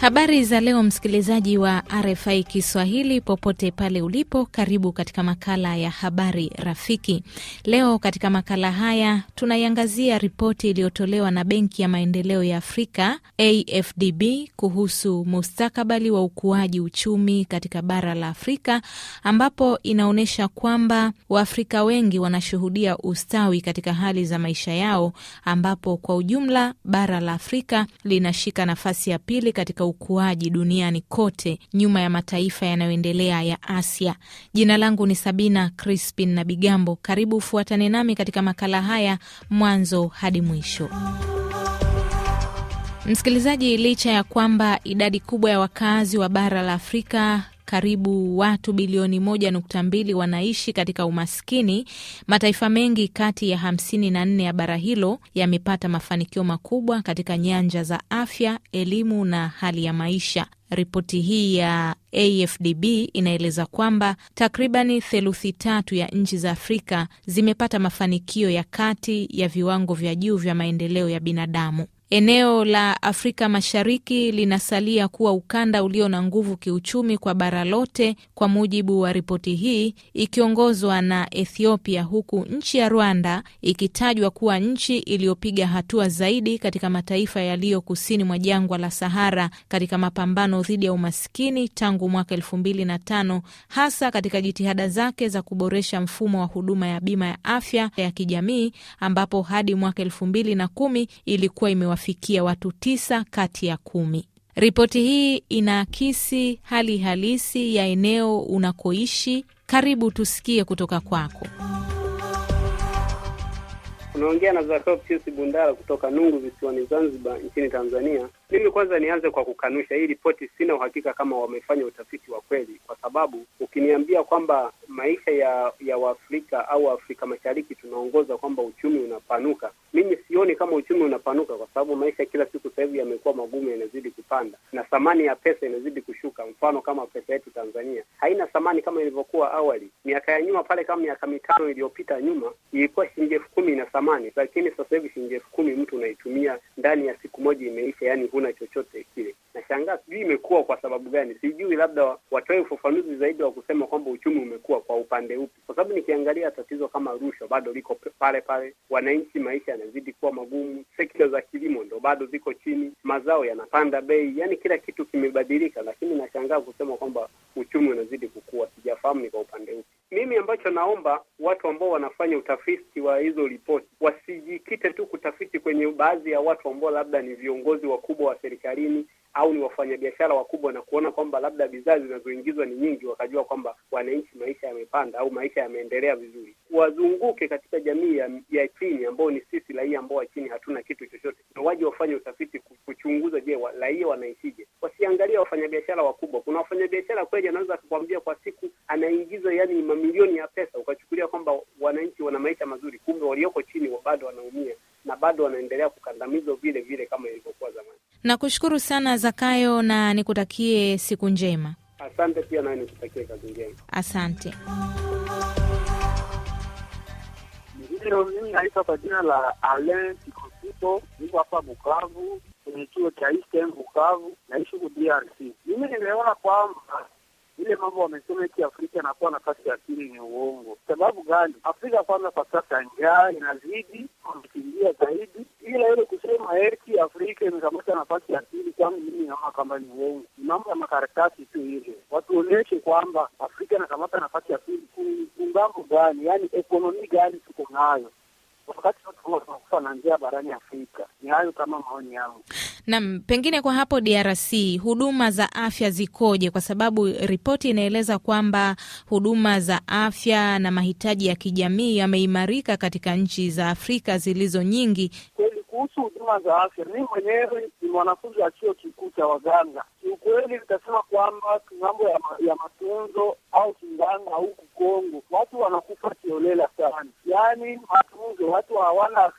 Habari za leo, msikilizaji wa RFI Kiswahili popote pale ulipo, karibu katika makala ya habari rafiki. Leo katika makala haya tunaiangazia ripoti iliyotolewa na Benki ya Maendeleo ya Afrika AFDB kuhusu mustakabali wa ukuaji uchumi katika bara la Afrika, ambapo inaonyesha kwamba Waafrika wengi wanashuhudia ustawi katika hali za maisha yao, ambapo kwa ujumla bara la Afrika linashika nafasi ya pili katika ukuaji duniani kote nyuma ya mataifa yanayoendelea ya Asia. Jina langu ni Sabina Crispin na Bigambo. Karibu ufuatane nami katika makala haya mwanzo hadi mwisho. Msikilizaji, licha ya kwamba idadi kubwa ya wakazi wa bara la Afrika karibu watu bilioni moja nukta mbili wanaishi katika umaskini. Mataifa mengi kati ya hamsini na nne ya bara hilo yamepata mafanikio makubwa katika nyanja za afya, elimu na hali ya maisha. Ripoti hii ya AFDB inaeleza kwamba takribani theluthi tatu ya nchi za Afrika zimepata mafanikio ya kati ya viwango vya juu vya maendeleo ya binadamu. Eneo la Afrika Mashariki linasalia kuwa ukanda ulio na nguvu kiuchumi kwa bara lote kwa mujibu wa ripoti hii ikiongozwa na Ethiopia huku nchi ya Rwanda ikitajwa kuwa nchi iliyopiga hatua zaidi katika mataifa yaliyo kusini mwa jangwa la Sahara katika mapambano dhidi ya umaskini tangu mwaka tano, hasa katika jitihada zake za kuboresha mfumo wa huduma ya bima ya afya ya kijamii ambapo hadi mwaka kumi ilikuwa imewa unawafikia watu tisa kati ya kumi. Ripoti hii inaakisi hali halisi ya eneo unakoishi. Karibu tusikie kutoka kwako. Unaongea na Zatopius Bundara kutoka Nungu visiwani Zanzibar nchini Tanzania. Mimi kwanza nianze kwa kukanusha hii ripoti, sina uhakika kama wamefanya utafiti wa kweli, kwa sababu ukiniambia kwamba maisha ya ya Waafrika au Afrika Mashariki tunaongoza kwamba uchumi unapanuka, mimi sioni kama uchumi unapanuka, kwa sababu maisha kila siku sasa hivi yamekuwa magumu, yanazidi kupanda na thamani ya pesa inazidi kushuka. Mfano kama pesa yetu Tanzania haina thamani kama ilivyokuwa awali, miaka ya nyuma pale, kama miaka mitano iliyopita nyuma, ilikuwa shilingi elfu kumi ina thamani, lakini sasa hivi shilingi elfu kumi mtu unaitumia ndani ya siku moja imeisha, yaani huna chochote kile. Nashangaa sijui imekuwa kwa sababu gani, sijui labda watoe ufafanuzi zaidi wa kusema kwamba uchumi umekuwa kwa upande upi, kwa sababu nikiangalia tatizo kama rushwa bado liko pale pale, wananchi maisha yanazidi kuwa magumu, sekta za kilimo ndo bado ziko chini, mazao yanapanda bei, yani kila kitu kimebadilika, lakini nashangaa kusema kwamba uchumi unazidi kukua. Sijafahamu ni kwa upande upi. Mimi ambacho naomba watu ambao wanafanya utafiti wa hizo ripoti wasijikite tu kutafiti kwenye baadhi ya watu ambao labda ni viongozi wakubwa wa serikalini au ni wafanyabiashara wakubwa na kuona kwamba labda bidhaa zinazoingizwa ni nyingi, wakajua kwamba wananchi maisha yamepanda au maisha yameendelea vizuri, wazunguke katika jamii ya, ya chini ambao ni sisi raia ambao wa chini hatuna kitu chochote, na waje wafanye utafiti kuchunguza, je, raia wa, wanaishije? Wasiangalia wafanyabiashara wakubwa. Kuna wafanyabiashara kweli anaweza akakwambia kwa siku anaingiza yani mamilioni ya pesa, ukachukulia kwamba wananchi wana maisha mazuri, kumbe walioko chini bado wanaumia na bado wanaendelea kukandamizwa vile vile kama ilivyo Nakushukuru sana Zakayo na nikutakie siku njema. Asante pia nawe nikutakie kazi njema. Asante. Ndio, mimi naitwa kwa jina la Alen Kikosito, niko hapa Bukavu kwenye chuo cha Eastern Bukavu, naishi ku DRC. Mimi nimeona kwamba ile mambo wamesema eti Afrika inakuwa nafasi ya pili ni uongo. Sababu gani? Afrika kwanza, kwa sasa njaa inazidi, wamekimbia zaidi, ila ile kusema eti Afrika imekamata nafasi ya pili, kwangu mimi naona kwamba ni uongo, ni mambo ya makaratasi tu. Ile watuonyeshe kwamba Afrika inakamata nafasi ya pili kungambo gani? Yaani ekonomi gani tuko nayo wakati watu tunakufa na njaa barani Afrika? Ni hayo kama maoni yangu. Nam, pengine kwa hapo DRC huduma za afya zikoje? Kwa sababu ripoti inaeleza kwamba huduma za afya na mahitaji ya kijamii yameimarika katika nchi za Afrika zilizo nyingi. Kweli kuhusu huduma za afya, mi mwenyewe ni mwanafunzi wa chuo kikuu cha waganga. Kiukweli nitasema kwamba ng'ambo ya, ya matunzo au kinganga huku Kongo watu wanakufa kiolela sana, yaani matunzo, watu hawana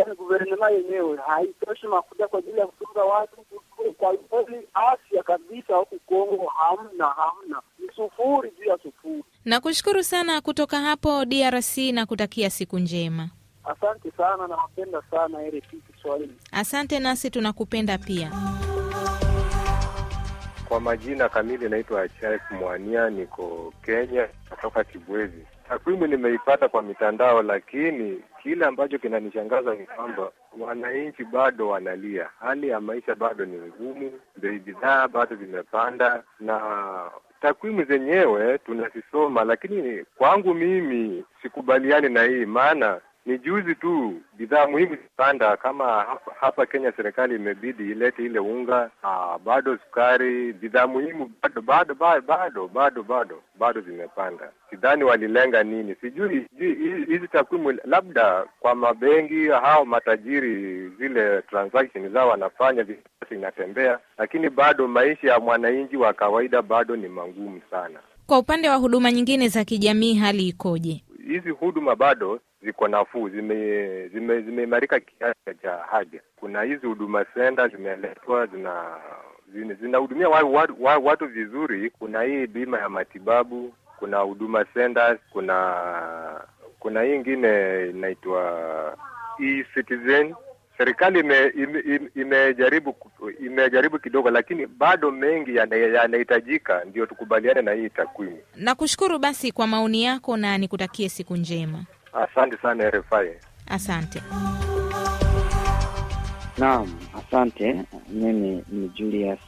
yani guvernema yenyewe haitoshi makuta kwa ajili ya kutunza watu. Kwa kweli afya kabisa huku Kongo hamna, hamna, ni sufuri juu ya sufuri. Nakushukuru sana kutoka hapo DRC na kutakia siku njema. Asante sana, nawapenda sana RFI Kiswahili. Asante, nasi tunakupenda pia. Kwa majina kamili naitwa Chef Mwania, niko Kenya, natoka Kibwezi. Takwimu nimeipata kwa mitandao, lakini kile ambacho kinanishangaza ni kwamba wananchi bado wanalia. Hali ya maisha bado ni ngumu, bei bidhaa bado zimepanda, na takwimu zenyewe tunazisoma, lakini kwangu mimi sikubaliani na hii maana ni juzi tu bidhaa muhimu zipanda Kama hapa, hapa Kenya serikali imebidi ilete ile unga aa, bado sukari, bidhaa muhimu bado bado bado bado bado bado zimepanda. Sidhani walilenga nini, sijui hizi takwimu, labda kwa mabengi hao matajiri, zile transaction zao wanafanya visi inatembea, lakini bado maisha ya mwananchi wa kawaida bado ni magumu sana. Kwa upande wa huduma nyingine za kijamii, hali ikoje? Hizi huduma bado ziko nafuu, zimeimarika zime, zime kiasi cha haja. Kuna hizi huduma senta zimeletwa, zina zinahudumia watu, watu, watu vizuri. Kuna hii bima ya matibabu, kuna huduma centers, kuna kuna hii ingine inaitwa e-citizen. Serikali imejaribu ime, ime imejaribu kidogo, lakini bado mengi yanahitajika yana, ndio tukubaliane na hii takwimu. Nakushukuru basi kwa maoni yako na nikutakie siku njema. Asante sana RFI. Asante. Naam, asante. Mimi ni Julius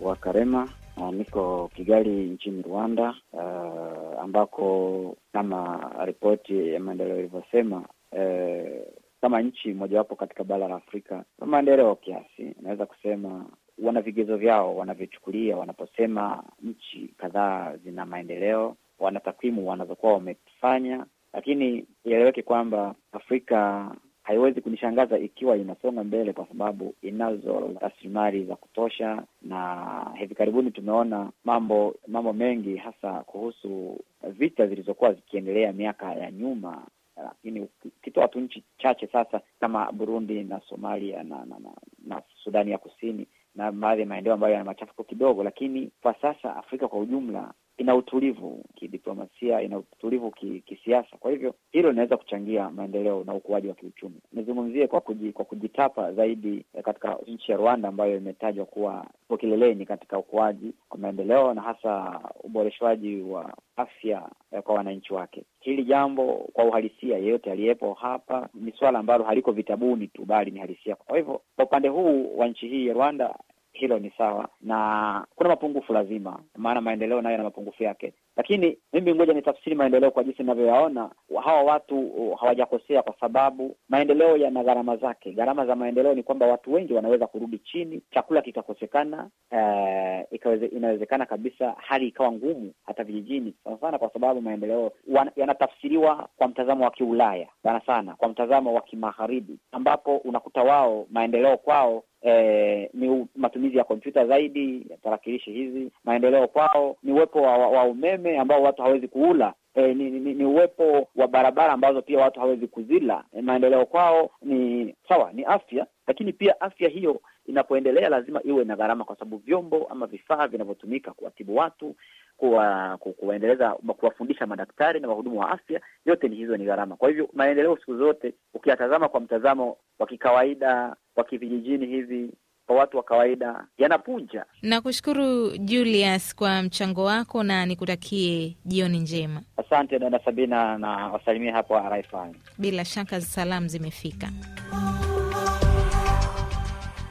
Wakarema, niko Kigali nchini Rwanda, uh, ambako kama ripoti ya maendeleo ilivyosema, uh, kama nchi mojawapo katika bara la Afrika na maendeleo kiasi, naweza kusema wana vigezo vyao wanavyochukulia wanaposema nchi kadhaa zina maendeleo, wana takwimu wanazokuwa wamefanya lakini ieleweke kwamba Afrika haiwezi kunishangaza ikiwa inasonga mbele, kwa sababu inazo rasilimali za kutosha, na hivi karibuni tumeona mambo mambo mengi, hasa kuhusu vita zilizokuwa zikiendelea miaka ya nyuma lakini ukitoa tu nchi chache sasa kama Burundi na Somalia na na, na, na Sudani ya Kusini na baadhi ya maeneo ambayo yana machafuko kidogo, lakini kwa sasa Afrika kwa ujumla ina utulivu kidiplomasia, ina utulivu kisiasa. Kwa hivyo hilo linaweza kuchangia maendeleo na ukuaji wa kiuchumi. Nizungumzie kwa kuji, kwa kujitapa zaidi katika nchi ya Rwanda ambayo imetajwa kuwa po kileleni katika ukuaji wa maendeleo na hasa uboreshwaji wa afya kwa wananchi wake. Hili jambo kwa uhalisia, yeyote aliyepo hapa, ni swala ambalo haliko vitabuni tu, bali ni halisia. Kwa hivyo kwa upande huu wa nchi hii ya Rwanda hilo ni sawa na kuna mapungufu lazima, maana maendeleo nayo yana mapungufu yake, lakini mimi ngoja nitafsiri maendeleo kwa jinsi ninavyoyaona. Hawa watu hawajakosea, kwa sababu maendeleo yana gharama zake. Gharama za maendeleo ni kwamba watu wengi wanaweza kurudi chini, chakula kikakosekana, eh, inawezekana kabisa hali ikawa ngumu hata vijijini sana sana, kwa sababu maendeleo yanatafsiriwa kwa mtazamo wa Kiulaya sana sana, kwa mtazamo wa Kimagharibi, ambapo unakuta wao maendeleo kwao eh, ni matumizi ya kompyuta zaidi ya tarakilishi hizi. Maendeleo kwao ni uwepo wa, wa umeme ambao watu hawezi kuula. E, ni, ni, ni uwepo wa barabara ambazo pia watu hawezi kuzila. E, maendeleo kwao ni sawa, ni afya, lakini pia afya hiyo inapoendelea lazima iwe na gharama, kwa sababu vyombo ama vifaa vinavyotumika kuwatibu watu, kuwa kuwaendeleza, kuwafundisha madaktari na wahudumu wa afya, yote ni hizo ni gharama. Kwa hivyo maendeleo siku zote ukiyatazama kwa mtazamo wa kikawaida wa kivijijini hivi kwa watu wa kawaida yanapunja. Nakushukuru Julius kwa mchango wako na nikutakie jioni njema. Asante dada Sabina na wasalimia hapo RFI. Bila shaka salamu zimefika.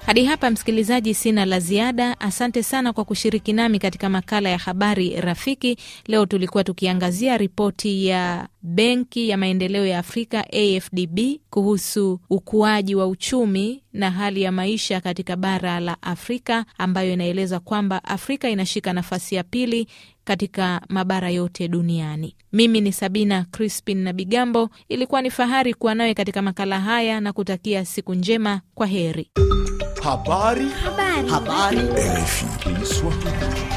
Hadi hapa msikilizaji, sina la ziada. Asante sana kwa kushiriki nami katika makala ya habari rafiki. Leo tulikuwa tukiangazia ripoti ya Benki ya Maendeleo ya Afrika AFDB kuhusu ukuaji wa uchumi na hali ya maisha katika bara la Afrika ambayo inaeleza kwamba Afrika inashika nafasi ya pili katika mabara yote duniani. Mimi ni Sabina Crispin na Bigambo, ilikuwa ni fahari kuwa nawe katika makala haya na kutakia siku njema. Kwa heri. Habari. Habari. Habari. Habari.